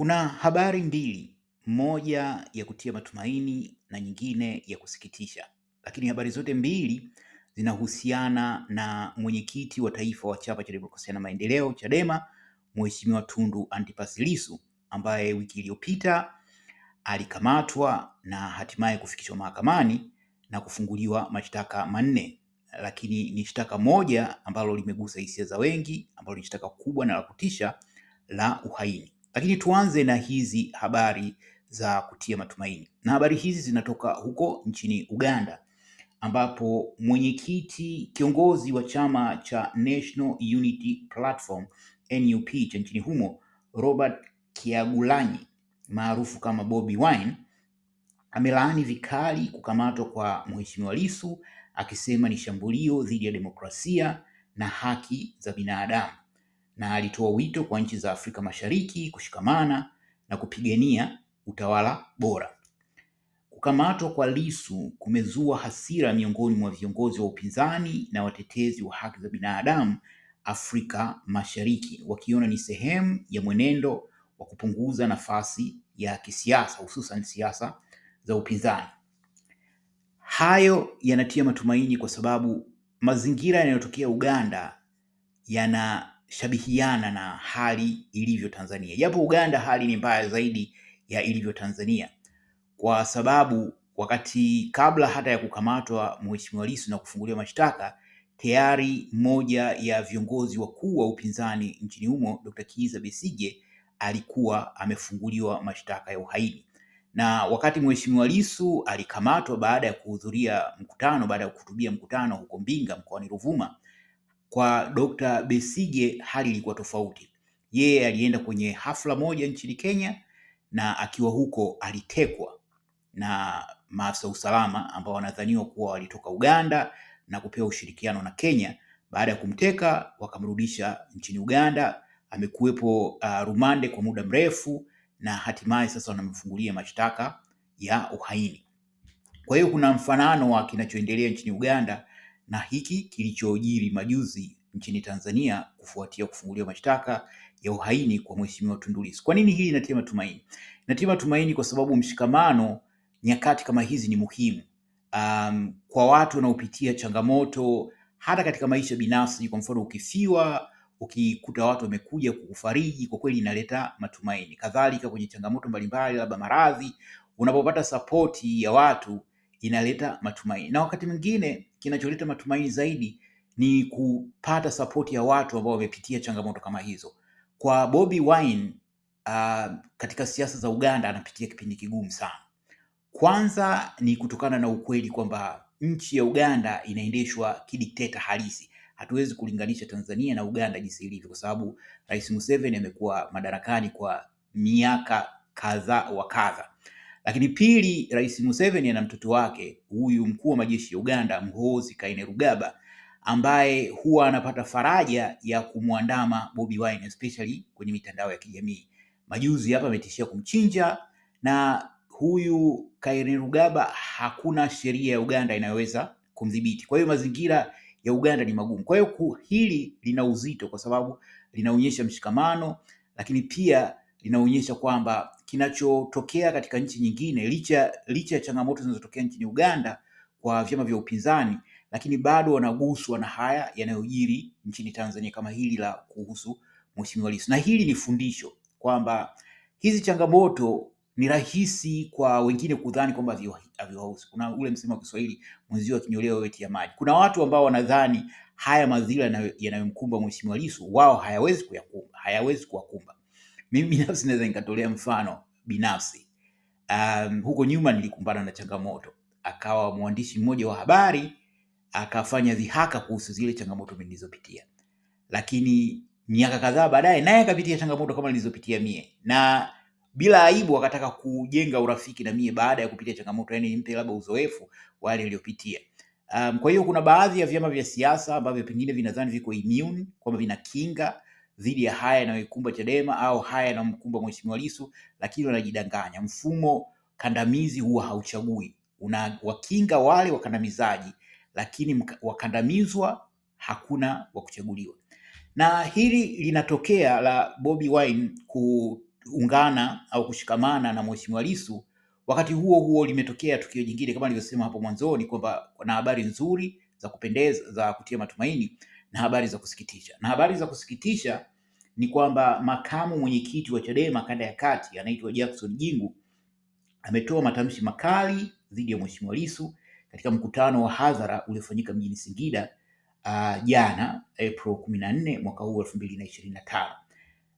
Kuna habari mbili, moja ya kutia matumaini na nyingine ya kusikitisha, lakini habari zote mbili zinahusiana na mwenyekiti wa taifa wa chama cha demokrasia na maendeleo Chadema, Mheshimiwa Tundu Antipas Lissu ambaye wiki iliyopita alikamatwa na hatimaye kufikishwa mahakamani na kufunguliwa mashtaka manne, lakini ni shtaka moja ambalo limegusa hisia za wengi, ambalo ni shtaka kubwa na la kutisha la uhaini. Lakini tuanze na hizi habari za kutia matumaini, na habari hizi zinatoka huko nchini Uganda ambapo mwenyekiti kiongozi wa chama cha National Unity Platform NUP cha nchini humo Robert Kiagulanyi maarufu kama Bobi Wine amelaani vikali kukamatwa kwa Mheshimiwa Lissu akisema ni shambulio dhidi ya demokrasia na haki za binadamu na alitoa wito kwa nchi za Afrika Mashariki kushikamana na kupigania utawala bora. Kukamatwa kwa Lissu kumezua hasira miongoni mwa viongozi wa upinzani na watetezi wa haki za binadamu Afrika Mashariki, wakiona ni sehemu ya mwenendo wa kupunguza nafasi ya kisiasa, hususan siasa za upinzani. Hayo yanatia matumaini kwa sababu mazingira yanayotokea Uganda yana shabihiana na hali ilivyo Tanzania, japo Uganda hali ni mbaya zaidi ya ilivyo Tanzania, kwa sababu wakati kabla hata ya kukamatwa Mheshimiwa Lissu na kufunguliwa mashtaka tayari mmoja ya viongozi wakuu wa upinzani nchini humo Dr. Kiza Besije alikuwa amefunguliwa mashtaka ya uhaini, na wakati Mheshimiwa Lissu alikamatwa baada ya kuhudhuria mkutano, baada ya kuhutubia mkutano huko Mbinga mkoani Ruvuma kwa Dr. Besige hali ilikuwa tofauti. Yeye alienda kwenye hafla moja nchini Kenya na akiwa huko alitekwa na maafisa usalama ambao wanadhaniwa kuwa walitoka Uganda na kupewa ushirikiano na Kenya. Baada ya kumteka wakamrudisha nchini Uganda. Amekuwepo uh, rumande kwa muda mrefu na hatimaye sasa wanamfungulia mashtaka ya uhaini. Kwa hiyo kuna mfanano wa kinachoendelea nchini Uganda na hiki kilichojiri majuzi nchini Tanzania kufuatia kufunguliwa mashtaka ya uhaini kwa Mheshimiwa Tundu Lissu. Kwa nini hii inatia matumaini? Inatia matumaini kwa sababu mshikamano nyakati kama hizi ni muhimu um, kwa watu wanaopitia changamoto hata katika maisha binafsi. Kwa mfano, ukifiwa, ukikuta watu wamekuja kukufariji, kwa kweli inaleta matumaini. Kadhalika kwenye changamoto mbalimbali, labda maradhi, unapopata sapoti ya watu inaleta matumaini, na wakati mwingine kinacholeta matumaini zaidi ni kupata sapoti ya watu ambao wamepitia changamoto kama hizo. Kwa Bobi Wine uh, katika siasa za Uganda anapitia kipindi kigumu sana. Kwanza ni kutokana na ukweli kwamba nchi ya Uganda inaendeshwa kidikteta halisi. Hatuwezi kulinganisha Tanzania na Uganda jinsi ilivyo, kwa sababu Rais Museveni amekuwa madarakani kwa miaka kadha wa kadha. Lakini pili, Rais Museveni ana mtoto wake huyu mkuu wa majeshi ya Uganda Muhoozi Kainerugaba ambaye huwa anapata faraja ya kumwandama Bobi Wine especially kwenye mitandao ya kijamii. Majuzi hapa ametishia kumchinja, na huyu Kainerugaba hakuna sheria ya Uganda inayoweza kumdhibiti. Kwa hiyo mazingira ya Uganda ni magumu. Kwa hiyo hili lina uzito kwa sababu linaonyesha mshikamano, lakini pia linaonyesha kwamba kinachotokea katika nchi nyingine, licha licha ya changamoto zinazotokea nchini Uganda kwa vyama vya upinzani, lakini bado wanaguswa na haya yanayojiri nchini Tanzania kama hili la kuhusu Mheshimiwa Lissu. Na hili ni fundisho kwamba hizi changamoto ni rahisi kwa wengine kudhani kwamba haviwahusu. Kuna ule msemo wa Kiswahili, mwenzio akinyolewa weti ya maji. Kuna watu ambao wanadhani haya madhila yanayomkumba Mheshimiwa Lissu wao hayawezi kuwakumba. Mimi binafsi naweza nikatolea mfano binafsi. Um, huko nyuma nilikumbana na changamoto, akawa mwandishi mmoja wa habari akafanya dhihaka kuhusu zile changamoto nilizopitia, lakini miaka kadhaa baadaye naye akapitia changamoto kama nilizopitia mie, na bila aibu akataka kujenga urafiki na mie baada ya kupitia changamoto, yani nimpe labda uzoefu wale niliopitia. Um, kwa hiyo kuna baadhi ya vyama vya siasa ambavyo pengine vinadhani viko immune kwamba vina kinga dhidi ya haya yanayoikumba Chadema au haya yanayomkumba Mheshimiwa Lissu, lakini wanajidanganya. Mfumo kandamizi huwa hauchagui, unawakinga wale wakandamizaji, lakini wakandamizwa hakuna wa kuchaguliwa. Na hili linatokea la Bobi Wine kuungana au kushikamana na Mheshimiwa Lissu. Wakati huo huo limetokea tukio jingine kama nilivyosema hapo mwanzoni kwamba na habari nzuri za kupendeza za kutia matumaini na habari za kusikitisha. Na habari za kusikitisha ni kwamba makamu mwenyekiti wa Chadema kanda ya kati anaitwa Jackson Jingu ametoa matamshi makali dhidi ya Mheshimiwa Lissu katika mkutano wa hadhara uliofanyika mjini Singida uh, jana April 14 mwaka huu 2025.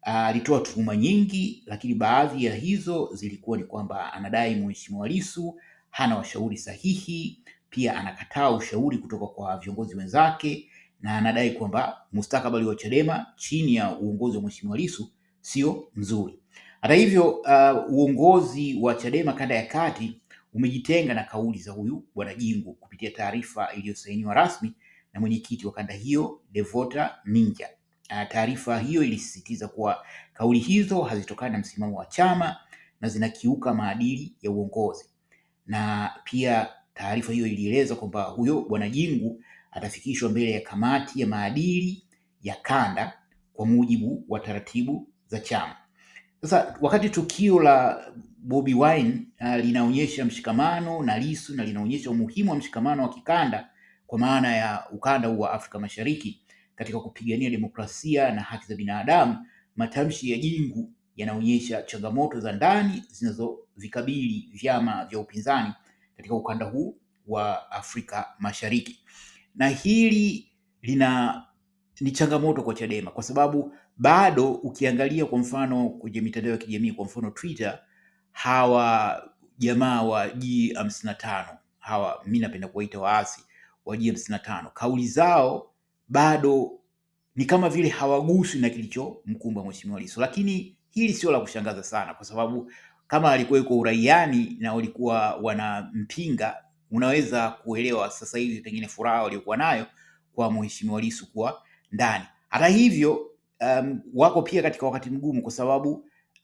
Ah, alitoa uh, tuhuma nyingi, lakini baadhi ya hizo zilikuwa ni kwamba anadai Mheshimiwa Lissu hana washauri sahihi, pia anakataa ushauri kutoka kwa viongozi wenzake na anadai kwamba mustakabali wa Chadema chini ya uongozi wa Mheshimiwa Lissu sio mzuri. Hata hivyo, uh, uongozi wa Chadema kanda ya kati umejitenga na kauli za huyu bwana Jingu kupitia taarifa iliyosainiwa rasmi na mwenyekiti wa kanda hiyo Devota Minja. Uh, taarifa hiyo ilisisitiza kuwa kauli hizo hazitokani na msimamo wa chama na zinakiuka maadili ya uongozi na pia taarifa hiyo ilieleza kwamba huyo bwana Jingu atafikishwa mbele ya kamati ya maadili ya kanda kwa mujibu wa taratibu za chama. Sasa wakati tukio la Bobi Wine uh, linaonyesha mshikamano na Lissu na linaonyesha umuhimu wa mshikamano wa kikanda kwa maana ya ukanda wa Afrika Mashariki katika kupigania demokrasia na haki za binadamu, matamshi ya Jingu yanaonyesha changamoto za ndani zinazovikabili vyama vya upinzani katika ukanda huu wa Afrika Mashariki, na hili lina ni changamoto kwa Chadema kwa sababu bado ukiangalia kwa mfano kwenye mitandao ya kijamii kwa mfano Twitter, hawa jamaa wa G55 hawa mimi napenda kuwaita waasi wa G55, kauli zao bado ni kama vile hawaguswi na kilichomkumba mheshimiwa Lissu, lakini hili sio la kushangaza sana kwa sababu kama alikuwa uraiani na walikuwa wanampinga, unaweza kuelewa sasa hivi pengine furaha waliokuwa nayo kwa mheshimiwa Lissu kuwa ndani. Hata hivyo, um, wako pia katika wakati mgumu kwa sababu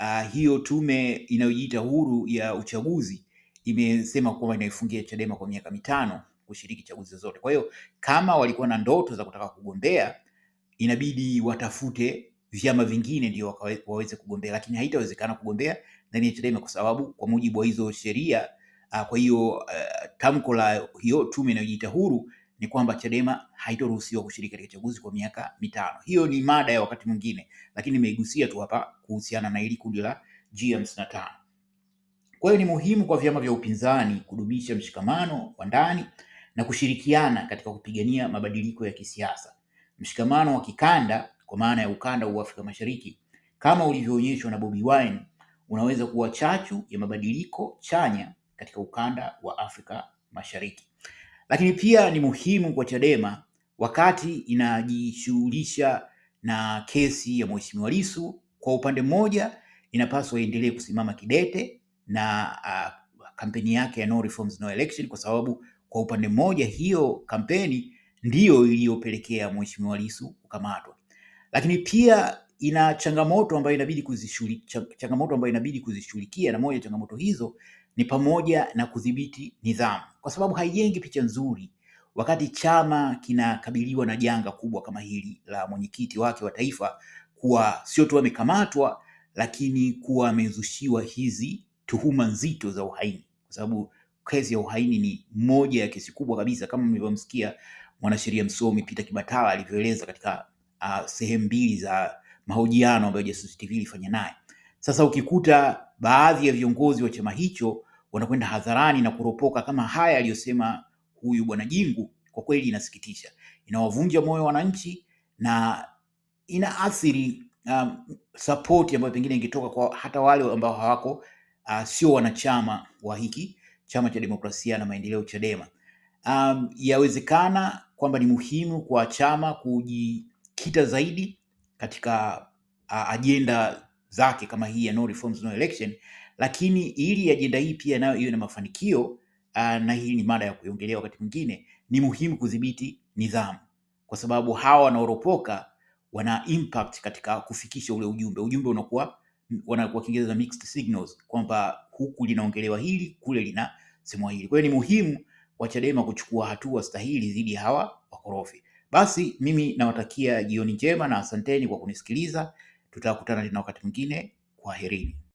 uh, hiyo tume inayojiita huru ya uchaguzi imesema kwamba inaifungia Chadema kwa miaka mitano kushiriki chaguzi zozote. Kwa hiyo kama walikuwa na ndoto za kutaka kugombea, inabidi watafute vyama vingine ndio waweze kugombea, lakini haitawezekana kugombea ndani ya Chadema kwa sababu kwa mujibu wa hizo sheria. Ah, kwa hiyo uh, tamko la hiyo tume inayojiita huru ni kwamba Chadema haitoruhusiwa kushiriki katika chaguzi kwa miaka mitano. Hiyo ni mada ya wakati mwingine, lakini nimeigusia tu hapa kuhusiana na hili kundi la G55. Kwa hiyo ni muhimu kwa vyama vya upinzani kudumisha mshikamano wa ndani na kushirikiana katika kupigania mabadiliko ya kisiasa. Mshikamano wa kikanda kwa maana ya ukanda wa Afrika Mashariki, kama ulivyoonyeshwa na Bobi Wine, unaweza kuwa chachu ya mabadiliko chanya katika ukanda wa Afrika Mashariki. Lakini pia ni muhimu kwa Chadema wakati inajishughulisha na kesi ya Mheshimiwa Lissu, kwa upande mmoja inapaswa iendelee kusimama kidete na uh, kampeni yake ya no reforms no election, kwa sababu kwa upande mmoja hiyo kampeni ndiyo iliyopelekea Mheshimiwa Lissu kukamatwa lakini pia ina changamoto ambayo inabidi kuzishughulikia, changamoto ambayo inabidi kuzishughulikia, na moja changamoto hizo ni pamoja na kudhibiti nidhamu, kwa sababu haijengi picha nzuri wakati chama kinakabiliwa na janga kubwa kama hili la mwenyekiti wake wa taifa kuwa sio tu amekamatwa, lakini kuwa amezushiwa hizi tuhuma nzito za uhaini, kwa sababu kesi ya uhaini ni moja ya kesi kubwa kabisa, kama mlivyomsikia mwanasheria msomi Peter Kibatala alivyoeleza katika uh, sehemu mbili za mahojiano ambayo Jasusi TV ilifanya naye. Sasa ukikuta baadhi ya viongozi wa chama hicho wanakwenda hadharani na kuropoka kama haya aliyosema huyu bwana Jingu, kwa kweli inasikitisha, inawavunja moyo wananchi na inaathiri um, support ambayo pengine ingetoka kwa hata wale ambao hawako uh, sio wanachama wa hiki chama cha demokrasia na maendeleo Chadema. Um, yawezekana kwamba ni muhimu kwa chama kuji kujikita zaidi katika uh, ajenda zake kama hii ya no reforms no election, lakini ili ajenda hii pia nayo iwe na mafanikio uh, na hii ni mada ya kuiongelea wakati mwingine, ni muhimu kudhibiti nidhamu, kwa sababu hawa wanaoropoka wana impact katika kufikisha ule ujumbe. Ujumbe unakuwa wanakuwa Kiingereza mixed signals, kwamba huku linaongelewa hili, kule lina semwa hili. Kwa hiyo ni muhimu wa Chadema kuchukua hatua stahili dhidi ya hawa wakorofi. Basi mimi nawatakia jioni njema na asanteni kwa kunisikiliza. Tutakutana tena wakati mwingine. Kwaherini.